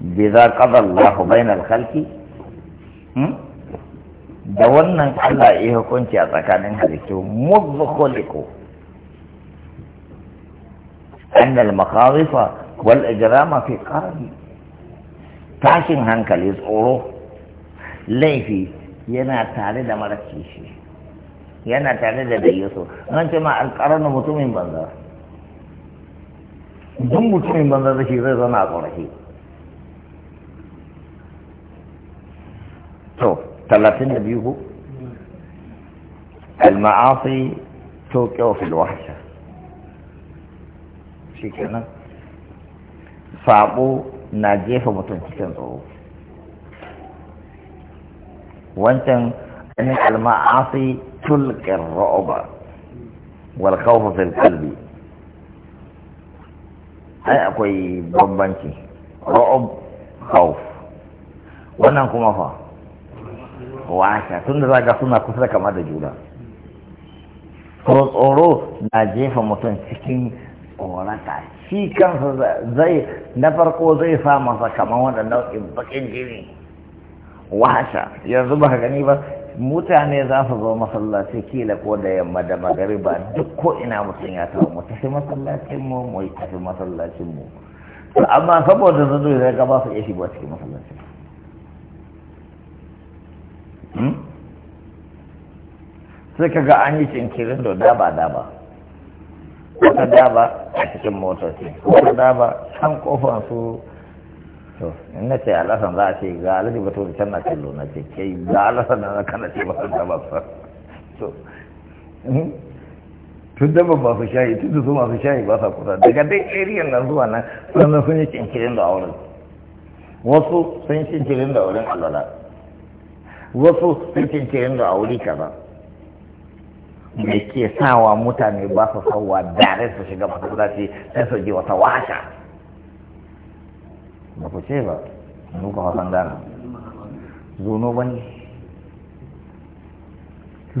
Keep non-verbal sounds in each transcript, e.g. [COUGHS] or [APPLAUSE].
بذا قضى الله بين الخلق da wannan Allah ya hukunci a tsakanin halittu muddu khuliqu أن المخاوف والإجرام fi قرن tashin hankali tsoro laifi yana tare da mara kishi yana tare da yaso nan ce ma alƙarar mutumin banza duk mutumin banza zai zai zama a ƙorafi ثلاثين بيهو المعاصي توقع في الوحشة شي كنا صعبو ناجيه فمتن شكن روو وانتن ان المعاصي تلقي الرعب والخوف في القلب اي اقوي بمبانشي رعب خوف وانا كما فاهم washa tunda za ga suna kusa kama da juna tsoro na jefa mutum cikin tsorata shi kansa zai na farko zai sa masa kama wanda nau'in bakin jini washa yanzu ba gani ba mutane za su zo masallaci kila ko da yamma da magariba duk ko ina mutum ya tawo mu tafi masallacin mu mu tafi masallacin mu amma saboda zai zai ga ba su iya shigo cikin masallacin Hmm? sai ga an yi cinkirin da daba daba wata daba a cikin motoci wata daba can kofar su to in na ce alasan za a ce ga alasan ba tori can na kallo na ce ke ga alasan na kana ce ba sun daba ba to hmm? tun daba ba su shayi tun da su masu shayi ba sa kusa daga dai area na zuwa nan sannan sun yi cinkirin da auren wasu sun yi cinkirin da auren alwala wasu sun cincirin a auri kaza me ke sawa mutane ba su sauwa dare su shiga masallaci sai su ji wata washa ba ku ce ba nuka hakan gana zuno ba ne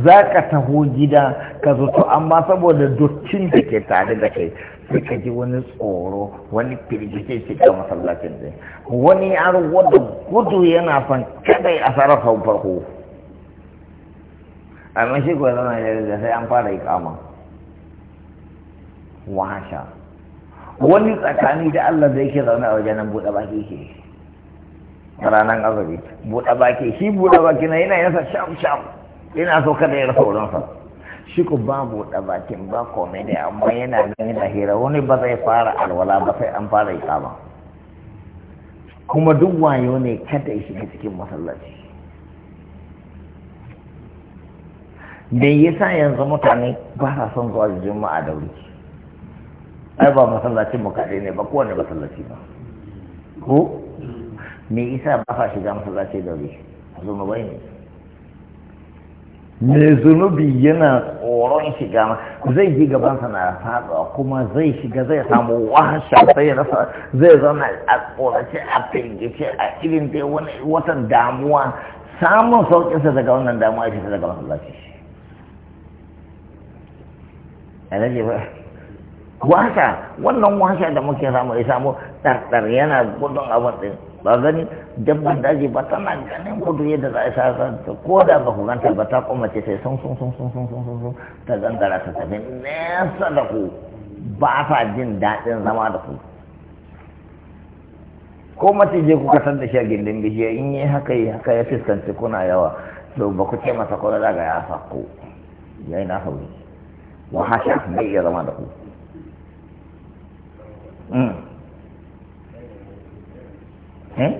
za ka taho gida ka zato amma saboda dottin da ke tare da kai sai ka ji wani tsoro wani firgice ga masallacin zai wani yaro wadda gudu yana son kadai a sarrafa farko amma shi kuwa zama da sai an fara yi kama washa wani tsakani da Allah zai ke zaune a wajen buɗe baki ke ranar azabi buɗe baki shi buɗe baki na yana yasa sham sham ina so kada ya rasa wurinsa shi ku babu da bakin ba komai da amma yana ganin yana hira wani ba zai fara alwala ba sai an fara kama kuma duk wayo ne kada ya shiga cikin masallaci me yasa yanzu mutane ba sa son zuwa juma'a da wuri ai ba masallacin mu kaɗai ne ba kowane masallaci ba ko me isa ba sa shiga masallaci da wuri zo mu bai ne mai zunubi yana tsoron shiga zai ji gabansa na fada kuma zai shiga zai samu wahasha sai rasa zai zama a tsorace a firgice a irin dai wani watan damuwa samun sauƙinsa daga wannan damuwa ya shiga daga masallaci alaji ba wahasha wannan wahasha da muke samu ya samu ɗarɗar yana gudun abin ba gani dabban daji ba tana ganin kudu yadda za a sa ta ko da ba ku ganta ba ta ce sai sun sun sun sun sun sun sun ta gangara ta tafi nesa da ku ba ta jin daɗin zama da ku ko mace je kuka san da shi a gindin bishiya in yi haka yi haka ya fiskanci kuna yawa to ba ku ce masa daga ya sako ya yi na hauri wa hasha bai iya zama da ku Eh?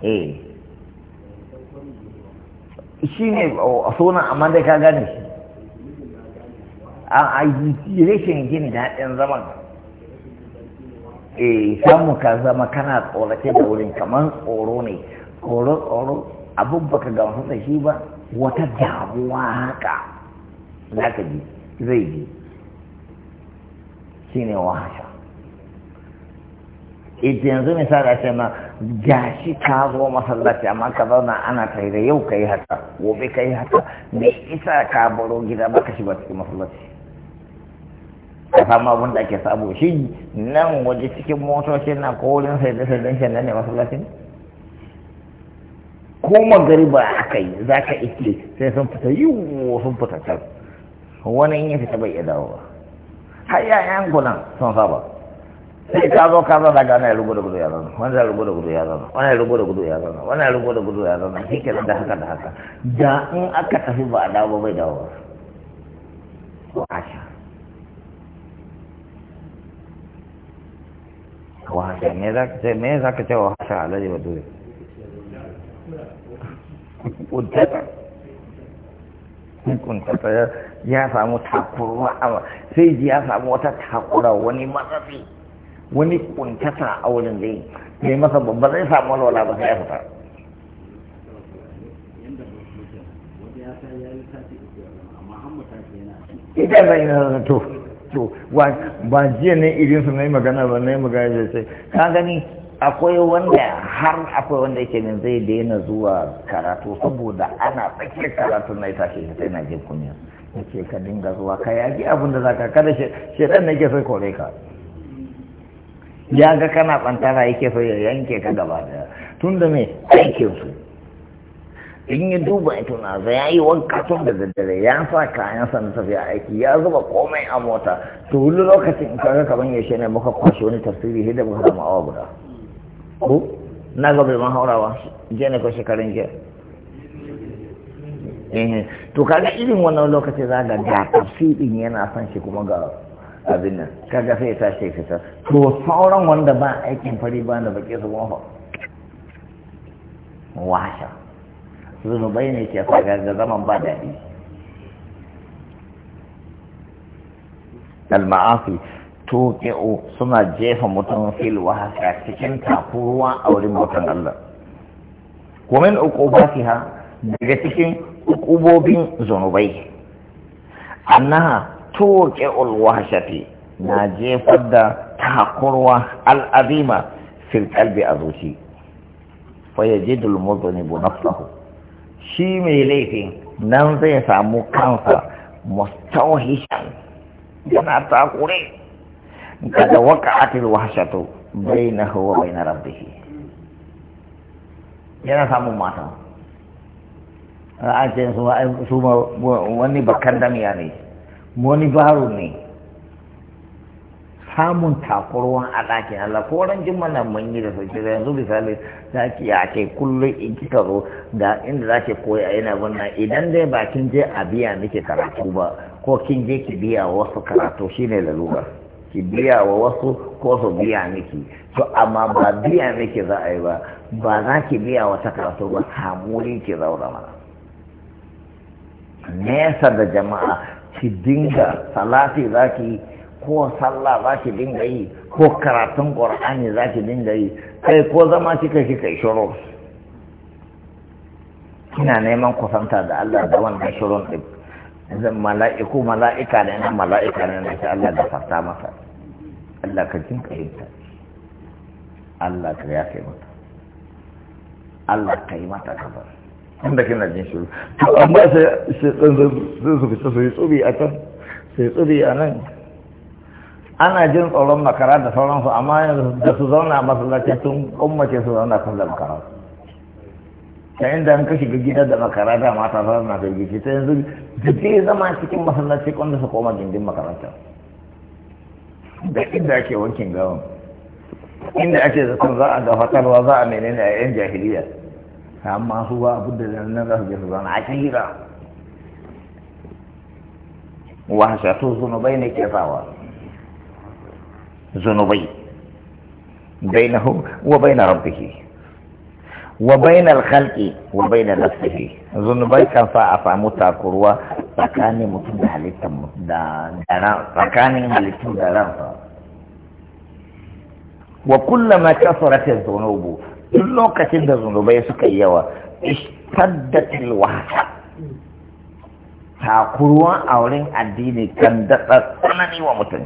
Eh. shi ne oh, sunan amma dai ka gane shi a rashin daɗin zaman eh samu ka zama kana tsorace da wurin kamar tsoro ne tsoro tsoro abin baka gamsu da shi ba wata damuwa haka za ka ji zai ji shi ne wahasha ita yanzu misali a ce ma gashi ka zo masallaci amma ka zauna ana ta da yau ka yi haka gobe ka yi haka me isa ka baro gida ba ka shiga cikin masallaci ka samu abin da ake sabo shi nan waje cikin motocin na ko wurin sai da sai shi nan ne masallaci? ko magari ba a yi za ka ike sai sun fita yiwu sun fita can wani in ya fita bai iya dawo ba har yayan gunan sun saba sai ka zo ka zana gana ya rugu da gudu ya zana wani ya rugu da gudu ya zana wani ya rugu da gudu ya zana wani ya rugu da gudu ya zana shi kenan da haka da haka da in aka tafi ba a dawo bai dawo ba washa washa me za ka ce me za ka ce wa washa alaji ba dole kuntata kuntata ya samu takurwa sai ji ya samu wata takura wani matsafi wani kuntata a wurin zai ne masa babba zai samu walwala ba sai ya fita ita zai na to to ba jiya ne irin su na yi magana ba na yi magana da sai ka gani akwai wanda har akwai wanda yake min zai daina zuwa karatu saboda ana tsakiyar karatu na ita shi sai na jin kunya ce ka dinga zuwa ka yaki abin da zaka kada shi shedan ne ke sai kore ka ya ga kana kwantara yake so ya yanke ka gaba da tun da mai aikin su in yi duba ito na za ya yi wanka tun da daddare ya sa kayan sa na tafiya aiki ya zuba komai a mota to wani lokacin in kaga kaman ya shi ne muka kwashe wani tafsiri sai da muka zama awa guda ko na ga bai haurawa je ne ko shekarun jiya eh, eh. to kaga irin wannan lokacin za ga ga tafsirin yana son shi kuma ga abin nan kaga sai ta ce fita to sauran wanda ba aikin fari ba da baki su gwafa washa zunubai ne ke faga ga zaman ba daɗi al to ke'o suna jefa mutum fil wahasa cikin takuruwa a wurin mutum Allah ومن ha daga cikin ukubobin zunubai annaha توقع الوحشة ناجي فدا تحقروا الأذيمة في القلب أذوشي فيجد المذنب نفسه شي ميليتي ننزي سامو كانسا مستوحشا جنا تاقوري قد وقعت الوحشة بينه وبين ربه yana samun mata ra'ayin su wani bakan damiya ne wani baro ne samun takurwan a ɗakin Allah ko ran jimana mun yi da sauki da yanzu misali za ki ya kai kullum in kika zo da inda za ki koya yana wannan idan dai ba kin je a biya miki karatu ba ko kin je ki biya wasu karatu shine lalura ki biya wa wasu ko su biya miki to amma ba biya miki za a yi ba ba za ki biya wata karatu ba samuni ki zaura mana nesa da jama'a ki dinga salati za ki yi, ko sallah za ki dinga yi ko karatun ƙur'ani za ki dinga yi kai ko zama kika ki kai shuru kina neman kusanta da Allah da wannan shurun din mala'iku mala'ika ne na mala'ika ne na Allah da farta masa Allah ka jin ta, Allah ka yafe mata Allah ka yi mata kabar inda kina jin shiru to amma sai sai su fita su tsubi a can sai tsubi a nan ana jin tsoron makara da sauransu amma da su zauna a masallaci tun ummace su zauna kan da makara ta inda an kashi gida da makara da mata za na firgici ta yanzu da ke zama cikin masallaci wanda su koma gindin makaranta da inda ake wankin gawan inda ake zaton za a gafatarwa za a menene a yan jahiliya أما هو أبد لأن له جزا عسيرا وهسعته ذنوبينك يطاوى ذنوبي بينه وبين ربه وبين الخلق وبين نفسه ذنوبي كان فاء فامو تاكروا فكاني متند حليتم دانا فكاني حليتم دانا وكلما كثرت الذنوب duk lokacin da zunubai suka yi yawa istaddatil wahda takuruwan auren addini kan daɗa tsanani wa mutum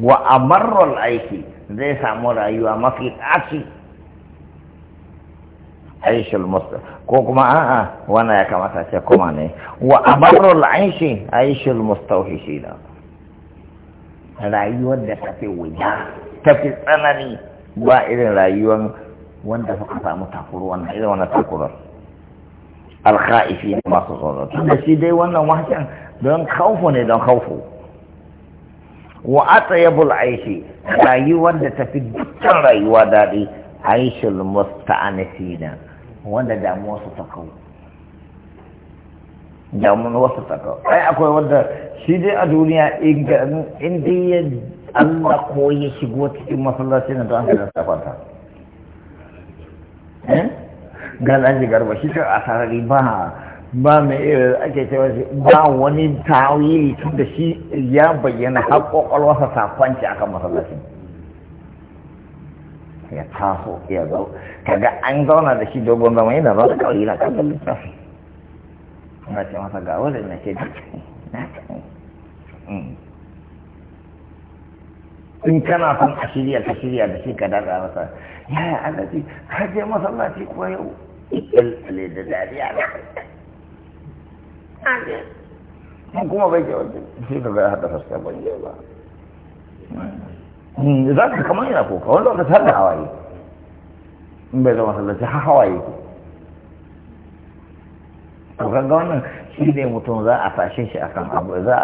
wa amarral aiki zai samu rayuwa mafi ƙashi aishul musta ko kuma a'a wannan ya kamata ce kuma ne wa amarral aishi aishul mustauhishi na rayuwar da tafi wuya tafi tsanani ba irin rayuwan wanda suka samu takuru wannan irin wannan takurar alkha'ifi ne masu tsoro da shi dai wannan waken don kaufu ne don kaufu wa atyabul aishi rayuwar da tafi dukkan rayuwa daɗi aishul musta'anisina wanda damuwa su ta kau damuwa su ta kau ai akwai wanda shi dai a duniya in dai Allah ko ya shigo cikin masallaci na an hankali da kwanta eh? ga lashi garba shi kan asarari ba ba mai iya ake cewa ba wani tawili tun da shi ya bayyana har kwakwalwarsa ta kwanci akan masallacin ya taso ya zo kaga an zauna da shi dogon zama yana su kawai yana kallon littafi na ce masa ga wajen na ce na ce in kana son a shirya ka shirya da shi ka daɗa masa yaya alaji ka je masallaci ko yau ilfile da dariya na mun kuma bai ke wajen shi ka ga haɗa fasta ban je ba hmm, za ka kamar yana koka wani lokaci har da hawaye in bai zama masallaci har hawaye ko to kaga wannan shi ne mutum za a fashe shi akan abu za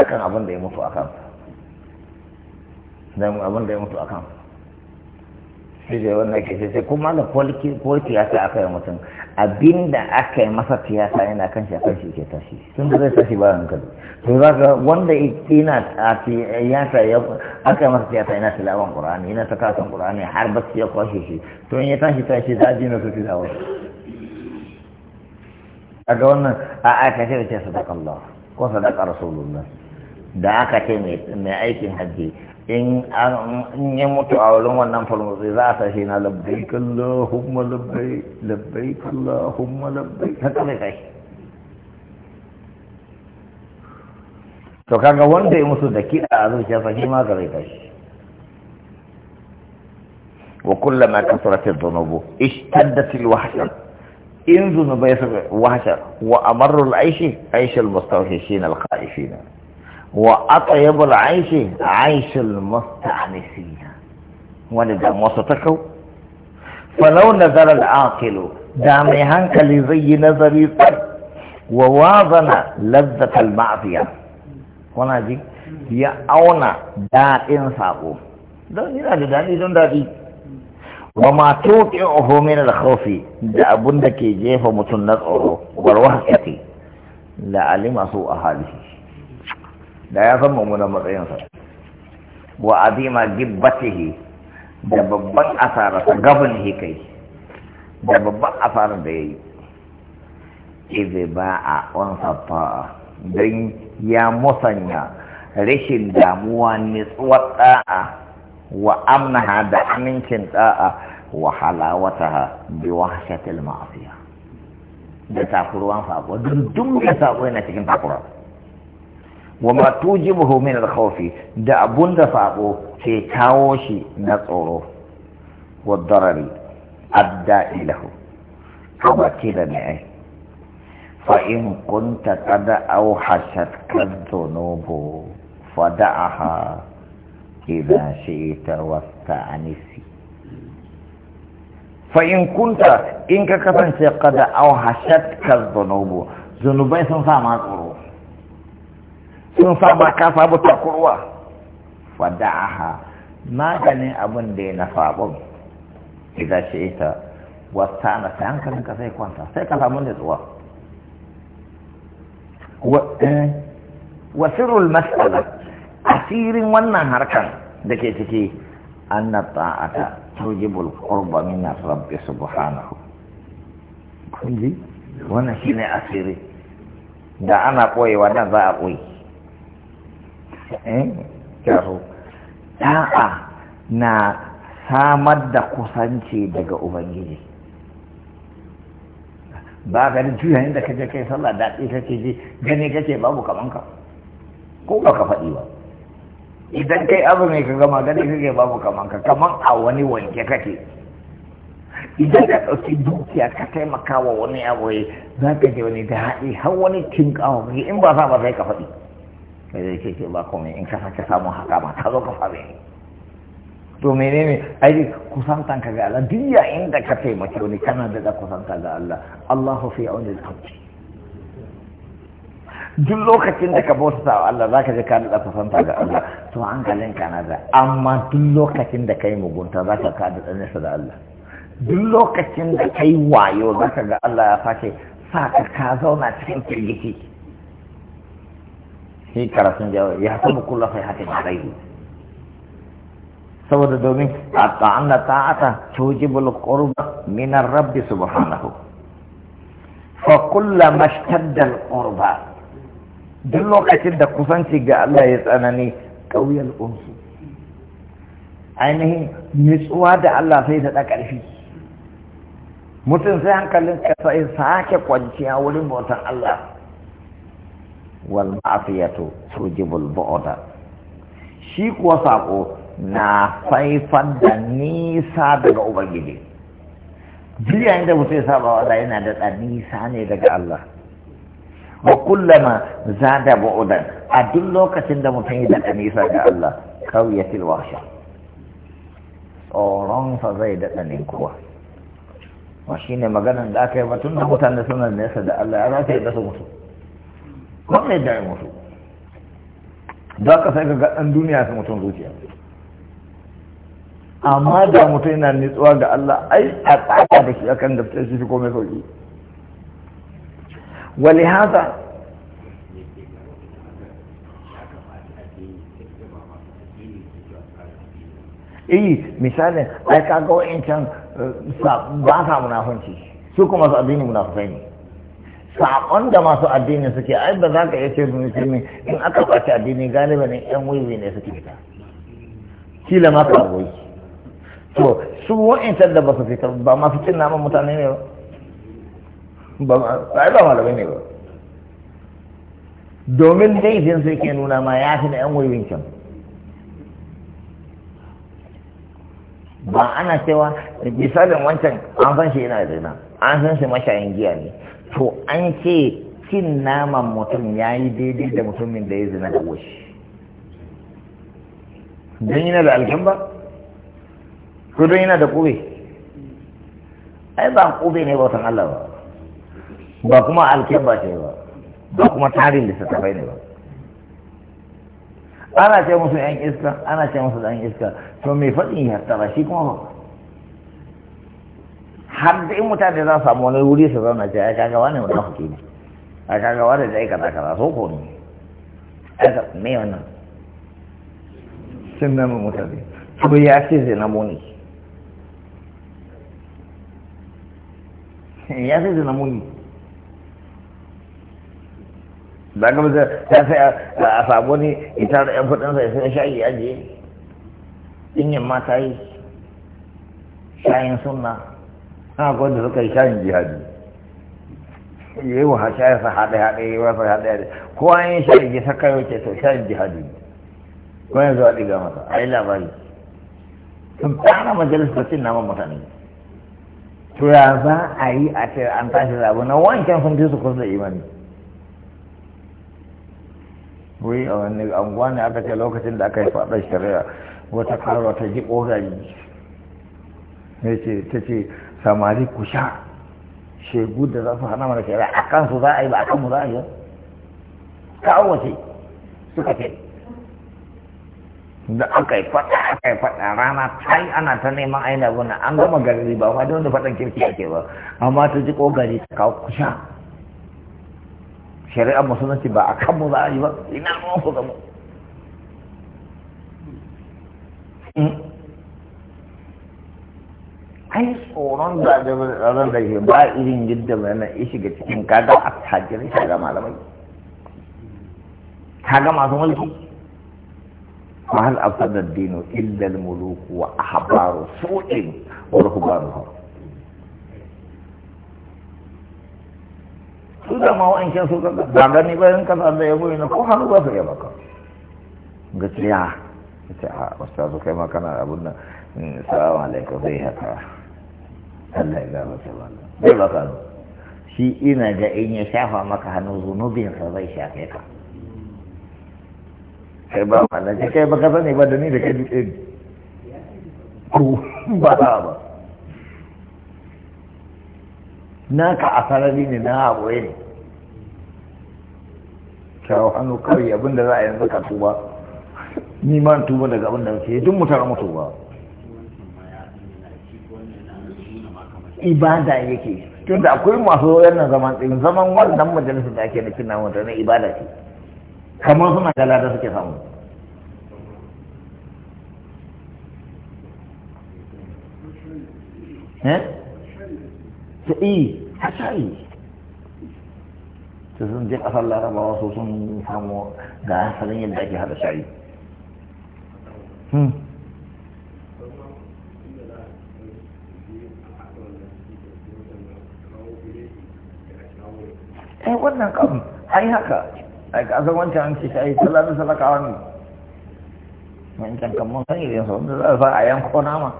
akan abin da ya mutu akan dan abin da ya mutu akan shi da wannan ke sai kuma da kwalki ko tiyata aka yi mutum abinda aka yi masa tiyata yana kan shi akan shi ke tashi tun da zai tashi ba hankali to za ka wanda ina tiyata ya aka yi masa tiyata yana tilawan qur'ani yana ta kasan qur'ani har su ya kwashe shi to in ya tashi tashi za ji na su tilawa a ga wannan a ce da ce sadakallah ko sadakar rasulullah da aka ce mai aikin hajji in yi mutu a wurin wannan farmutsi za a sashe na labbai kallahumma labbai labbai kallahumma labbai haka mai kai to kaga wanda ya musu da kiɗa a zuciyarsa shi ma ga zai kai wa kullama kasrat adh-dhunub ishtaddat al-wahsha in dhunubai suka wahsha wa amarru al-aishi aisha al-mustawhishin al-khaifin وأطيب العيش عيش المستعنسين ولذا مستكو فلو نظر العاقل دام هنك لزي نظري ووازن لذة المعصية هنا جي يا أونا داء إنساقو دوني لا داني دون دادي وما توقعه من الخوف دا بندكي جيف متنظره والوحكتي لعلم سوء هذه da ya san mummunan matsayinsa wa azima gibbatihi da babban ta gabin hikai da babban asarar da ya yi izi ba a wansa fa'a don ya musanya rashin damuwa nitsuwar ɗa'a wa amnaha da amincin ɗa'a wa halawata bi wahshatil ma'asiya da takuruwan sako dundun ya sako yana cikin takuruwa وما توجبه من الخوف دع بند فاقو في كاوشي نطورو والضرر أدى إله كما كده نعي فإن كنت قد أوحشتك الذنوب فدعها إذا شئت واستعنسي فإن كنت إنك كفنسي قد أوحشتك الذنوب ذنوبي سنفع معكورو sun saba ka sabu takurwa fada'aha maganin abin da ya na sabon idan shi ita wata na sai hankalin ka sai kwanta sai ka samu tsuwa eh, wasirul mas'ala asirin wannan harkan da ke ciki an na ta'ata tujibul qurba min rabbi subhanahu kunji ji wannan shine asiri da ana koyewa nan za a koyi Eh? kyaro na samar da kusanci daga ubangiji ba ka da juya inda kaje kai sallah daɗi kake ji gani kake babu kaman ka ko ba ka faɗi ba idan kai abu mai ka gama gani kake babu kaman ka kaman a wani wanke kake idan ka ɗauki dukiya ka taimaka wa wani abu za ka je wani daɗi har wani kin kawo in ba sa ba sai ka faɗi sai zai ke ba in ka sake samun haka ma ka zo ka fara ne to ne ai kusantan ka ga Allah duk inda ka taimake wani kana da kusanta ga Allah Allah fi auni al duk lokacin da ka bauta wa Allah zaka ji je ka da kusanta ga Allah to hankalin ka na da amma duk lokacin da kai mugunta zaka ka ka da nesa da Allah duk lokacin da kai wayo zaka ga Allah ya fashe sa ka ka zauna cikin firgici shi karatun jawo ya hasabu kullu sayhatin alayhi saboda domin a da ta'ata tujibul qurba min ar-rabb subhanahu fa kullama ishtadda al duk lokacin da kusanci ga Allah ya tsanani ƙauyen unsu ainihin nutsuwa da Allah sai da ƙarfi mutum sai hankalin kasa in sake kwanciya wurin bautan Allah wal ma'afiyatu tujibul bu'da shi kuwa sako na faifar da nisa daga ubangiji jiya inda mutum ya saba wa Allah yana da nisa ne daga Allah wa kullama zada bu'dan a duk lokacin da mutum ya da nisa ga Allah kauyatil wahsha tsoron sa zai daɗa ne kuwa wa shine maganan da aka yi batun da mutane suna nesa da Allah ya za su yi da su wannan da ya mutu da ka sai ga ɗan duniya su mutum zuciya amma da mutum yana nitsuwa ga Allah ai a tsaka da shi akan gaskiya shi fi komai sauki wali hada eh misali ai kaga can eh, ba sa munafunci su kuma su addini munafukai ne saƙon da masu addini suke ai ba za ka iya ce musulmi in aka ɓaci addini ba ne yan wiwi ne suke fita kila ma ka goyi to su ta da ba su fita ba masu cin naman mutane ne ba ba ba malamai ne ba domin laifin su ke nuna ma ya fi na yan wiwin can ba ana cewa misalin wancan an san shi yana da zina an san shi mashayin giya ne to an ce cin naman mutum ya yi daidai da mutumin da ya zina da washi don yana da alkamba ko don yana da kube ai ba kube ne bautan Allah ba ba kuma alkamba ce ba ba kuma tarin littattafai ne ba ana ce musu yan iska ana ce musu yan iska to mai faɗin ya tara shi kuma har da in mutane za samu wani wuri su zauna ce ai kaga wani munafiki ne ai kaga wani da aikata kaza so ko ne ai ga me wannan sun nama mutane to ya ce zai namo ne [LAUGHS] ya ce zai namo ne da ga mutum ta sai a samu ne ita da yan kudinsa ya sai shayi ajiye in yamma ta yi shayin sunna na gwanda suka yi shayin jihadi ya yi wa shayin sa haɗe haɗe ya yi wa sai haɗe haɗe ko an yi shayin ya saka yau ce to shayin jihadi ko yanzu a ɗiga masa a yi labari sun tsara majalis da cin naman mutane to ya za a yi a ce an tashi zabu na wancan sun fi su kusa da imani wai a wani anguwa ne aka ce lokacin da aka yi faɗar shari'a wata karo ta ji ƙorari ne ce ta ce samari ku sha shegu da za su hana mana shari'a a su za a yi ba a kan mu za a yi wace suka ce da aka yi faɗa aka yi faɗa rana ta yi ana ta neman aina guna an gama gari ba ba don da faɗan kirki ake ba amma ta ji kogari ta kawo sha shari'a musulunci ba a mu za a yi ba ina ruwan ku gamu ai tsoron da ran da ke ba irin yadda mana ya shiga cikin kaga a tajirin shaga malamai kaga masu mulki ma hal afsada dinu illa al-muluku wa ahbaru su'in wa ruhbanuhum su da ma wa'ancan su ka da gani bayan kasa da ya goyi na ko hannu ba su iya baka gaskiya ita a wasu kai ma kana abun nan salamu alaikum zai haka Allah ya gama ta mana zai baka zo shi ina ga in ya shafa maka hannu sa zai shafe ka kai ba ma na kai ba ka sani ba da ni da kai duk ɗin ko ba ba Na ka a sarari ne na haɓoye ne kyau hannu kawai abinda za a yanzu ka tuba ni ma tuba daga abinda ke duk mutane mutu ba ibada yake tun da akwai masu wannan zaman tsayin zaman wannan majalisar da ake na cin namun na ibada ce kamar suna da lada suke samu eh? ta yi hasari ta sun je kasar larabawa so sun samu ga asalin yadda ake hada shari'a hmm. wannan kam ai haka ai ka san wancan an ce ai sallallahu salakawa ne wancan kan mun san irin sau da za a yanko nama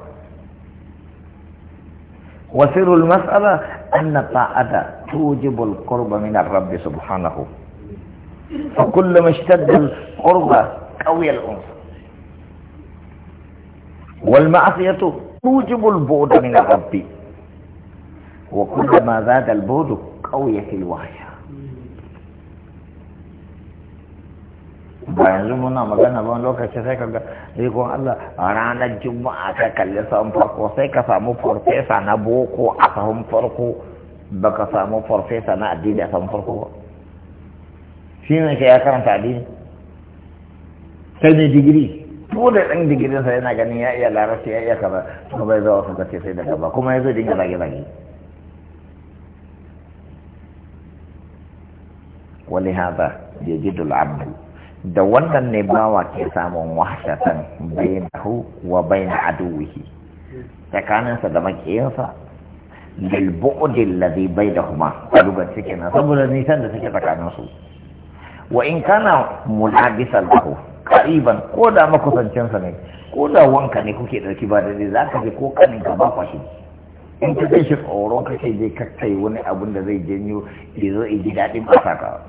وسر المسألة أن الطاعة توجب القرب من الرب سبحانه فكلما اشتد القرب قوي الأنف والمعصية توجب البعد من الرب وكلما زاد البعد قويت الوحشة ba yanzu muna magana ba lokaci sai kaga ga rikon Allah ranar juma'a ka kalli sahun farko sai ka samu farfesa na boko a sahun farko ba ka samu farfesa na addini a sahun farko ba shi ne ya karanta addini sai ne digiri ko da ɗan digirinsa yana ganin ya iya larabci ya iya kaza kuma bai zuwa wasu kace sai daga ba kuma ya zo dinga zage-zage ولهذا يجد العبد da wannan ne bawa ke samun wahshatan bainahu wa bain aduwihi tsakaninsa da makiyinsa lil bu'd alladhi bainahuma duba na saboda nisan da suke tsakaninsu wa in kana mulabisa lahu qariban ko da makusancinsa ne ko da wanka ne kuke dauki ba dai ka ji ko kanin ka ba kwashi in ka kai shi tsoron ka kai je kakkai wani abun da zai janyo ya zo ji daɗin ba ka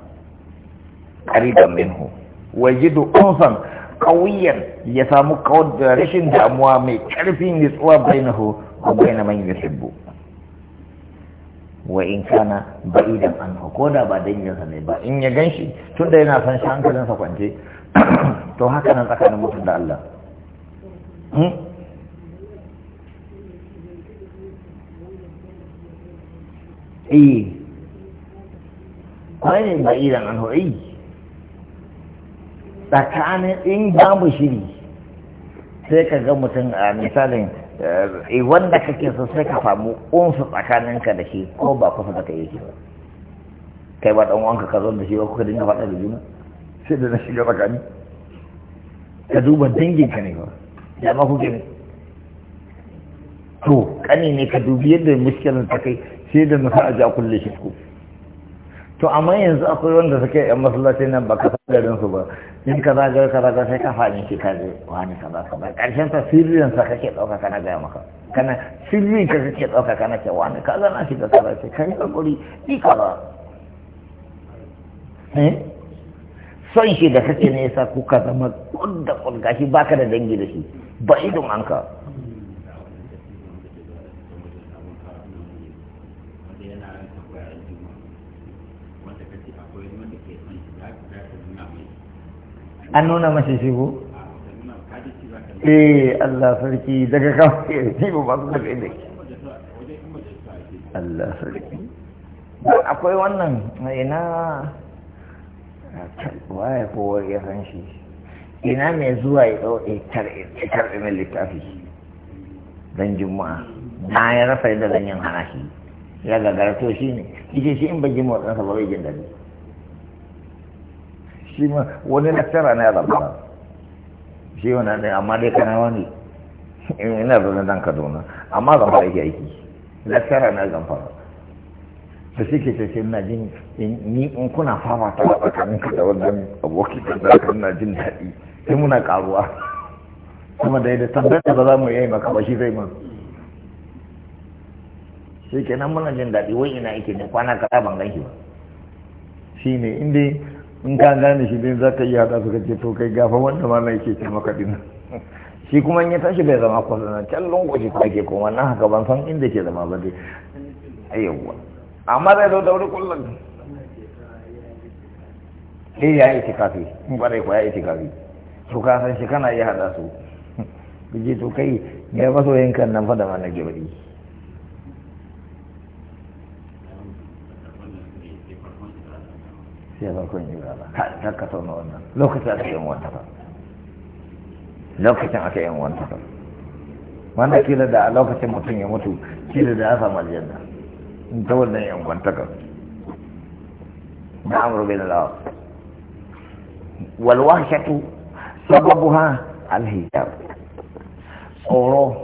qariban minhu wajidu unfan qawiyan ya samu kawar da rashin damuwa mai karfin nutsuwa bainahu wa baina man yuhibbu wa in kana ba'idan anhu ko da ba danginsa ne ba in ya ganshi tunda yana san shi sa kwance [COUGHS] to haka nan tsakanin mutum da Allah hmm? eh kwanin ba'idan anhu eh tsakanin in babu shiri sai ka ga mutum a misalin eh, eh, wanda kake so sai ka samu unsu tsakaninka da shi ko ba kusa da kai yake ba kai ba dan wanka ka zo da shi ba ka dinga faɗa da juna sai da na shiga tsakani ka duba ka ne ba ya ma kuke ne to kani ne ka dubi yadda muskilin ta kai sai da na sa a ja kulle shi ku to amma yanzu akwai wanda suke yan masallaci nan ba ka garin su ba in ka zagar ka zagar sai ka fani ki ka je wani ka za ka ba karshen ta sirrin sa kake dauka kana ga maka kana sirrin ka kake dauka kana ce wani ka zana shi ka kaza sai kai hakuri ki ka ba eh son shi da kake ne yasa kuka zama da kun gashi baka da dangi da shi ba idon anka an nuna mashi shigo eh Allah sarki daga kawai ya tibu ba su da kai Allah sarki akwai wannan ina waye kowa ya san shi ina mai zuwa ya ɗau karɓi mai littafi don juma'a na ya rasa yadda zan yin hana shi ya to shi ne ita shi in ba jima'a ɗansa ba bai jin daɗi shi ma wani lakcara ne a zamfara shi wani ne amma dai kana wani ina zaune dan kaduna amma fara yake aiki lakcara ne zan fara da suke ce ce ina jin ni in kuna fama ta a tsakanin ka da wannan aboki da ka na jin daɗi sai muna karuwa kuma da yadda tabbata ba za mu yi maka ba shi zai mu shi kenan muna jin daɗi wai ina yake ne kwana kaɗa ban gan ba shi ne inda in ka gane shi din za ka iya haɗa suka ce to kai gafa wanda ma na yake cin maka din shi kuma in ya tashi bai zama na can lungoshi ta ke koma na haka ban san inda ke zama ba dai ayyawa amma zai zo da wuri kullum sai ya yi tikafi in ba dai ko ya yi tikafi to ka san shi kana iya haɗa su je [LAUGHS] to kai ya masoyin kan nan fa da ma na gibiri sai ba jura ba ka tauna wannan lokacin aka yin wanta ba lokacin aka yin wanta ba wanda kila da a lokacin mutum ya mutu kila da ya samu aljanna in ta wannan yin wanta ka na amur bin lawa sababu ha alhijab tsoro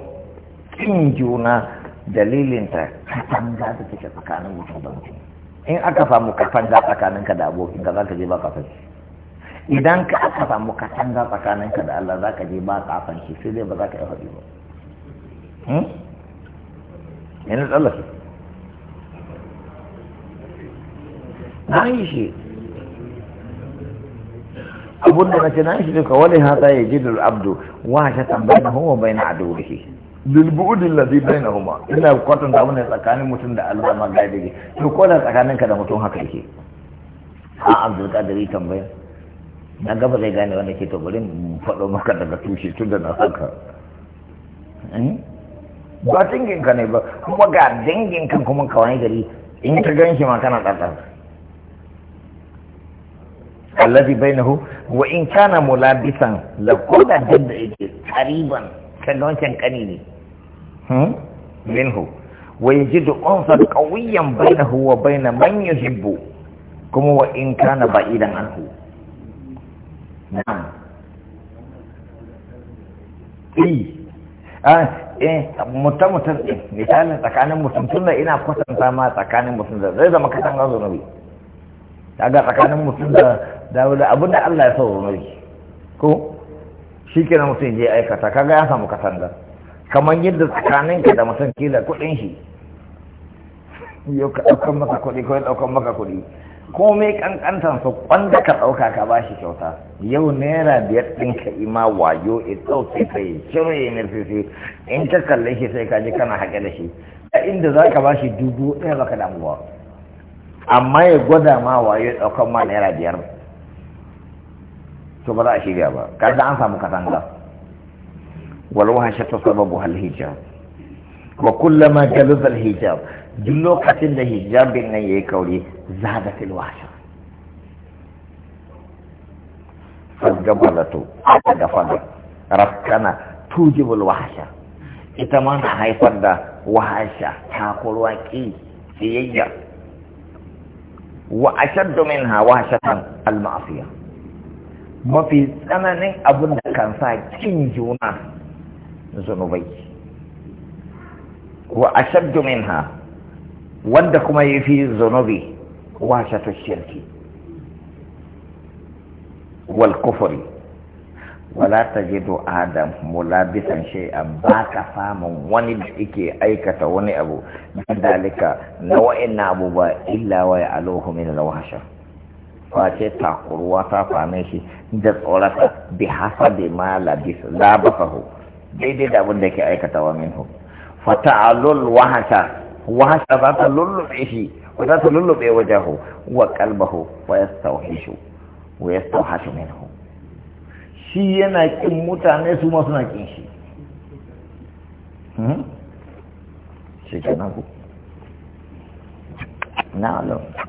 kin juna dalilinta katanga da take tsakanin mutum da mutum in aka samu katanga tsakaninka da abokinka za ka je ba kafin idan ka aka samu katanga tsakaninka da Allah za ka je ba kafin shi sai dai ba za ka yi haɗi ba yana hmm? tsallake na yi shi abun da na ce shi ka wani hata ya ji abdu wa shi na huwa bai na adowa shi lilbu'udin ladhi bainahuma ina kwatanta mun tsakanin mutum da Allah ma ga dake to ko da tsakanin ka da mutum haka yake a Abdul Qadir tambaya na gaba zai gane wanda ke to bari mu faɗo maka daga tushe tun da na saka hmm? ba dangin ka ne ba kuma ga dangin kan kuma kawai gari in ka gan shi ma kana ɗanɗan allazi bainahu wa in kana mulabisan la kullu jadda yake qariban kan wancan kani ne Hmm? minhu wa yajidu unsan qawiyan bainahu wa bain man yuhibbu kuma wa in kana ba'idan anhu na'am ah, eh, mutum mutum ne eh, misalin tsakanin mutum tunda ina kwatanta ma tsakanin mutum da zai zama kasan ga zunubi daga tsakanin mutum da dawo abin da Allah ya sa zunubi ko shi kenan mutum je aikata kaga ya samu katangar kamar yadda tsakaninka da mutum da kuɗin shi yau ka ɗaukan maka kuɗi ko ya ɗaukan maka kuɗi mai kankantar su wanda ka ɗauka ka ba shi kyauta yau naira biyar ka ima wayo ya ɗauke ka ya cire nufi fifi in ka kalle shi sai ka ji kana haƙe da shi a inda za ka ba shi dubu ɗaya ka damu ba amma ya gwada ma wayo ya ɗaukan ma naira biyar to ba za a shirya ba kada an samu katanga والوحشة سببها الهجاب وكلما جلب جلو قتل الهجاب النية كولي زادت الوحشة فالجبلة أتدفن ركنا توجب الوحشة إتمان حيفن دا وحشة تاقل وكي سيجر وأشد منها وحشة المعصية ما في زمن أبن كان ساكين جوناس zunubai wa ashaddu minha wanda kuma yafi zunubi ta shirki wal kufri wala tajidu adam mulabisan shay'an ba ka wani da yake aikata wani abu min dalika na wa'inna abubuwa illa wa ya'aluhu min al-wahsha ta kurwa ta fame shi da tsorata bi hasabi ma labis labafahu. daidai da abin da ke aikata aikatawa minhu fata'alul wahasa wahasa za ta lullube shi wa za ta lullube wajahu wa qalbahu wa yastawhishu wa yastawhashu minhu shi yana kin mutane su ma suna kin shi hmm? shi kenan ku na alo.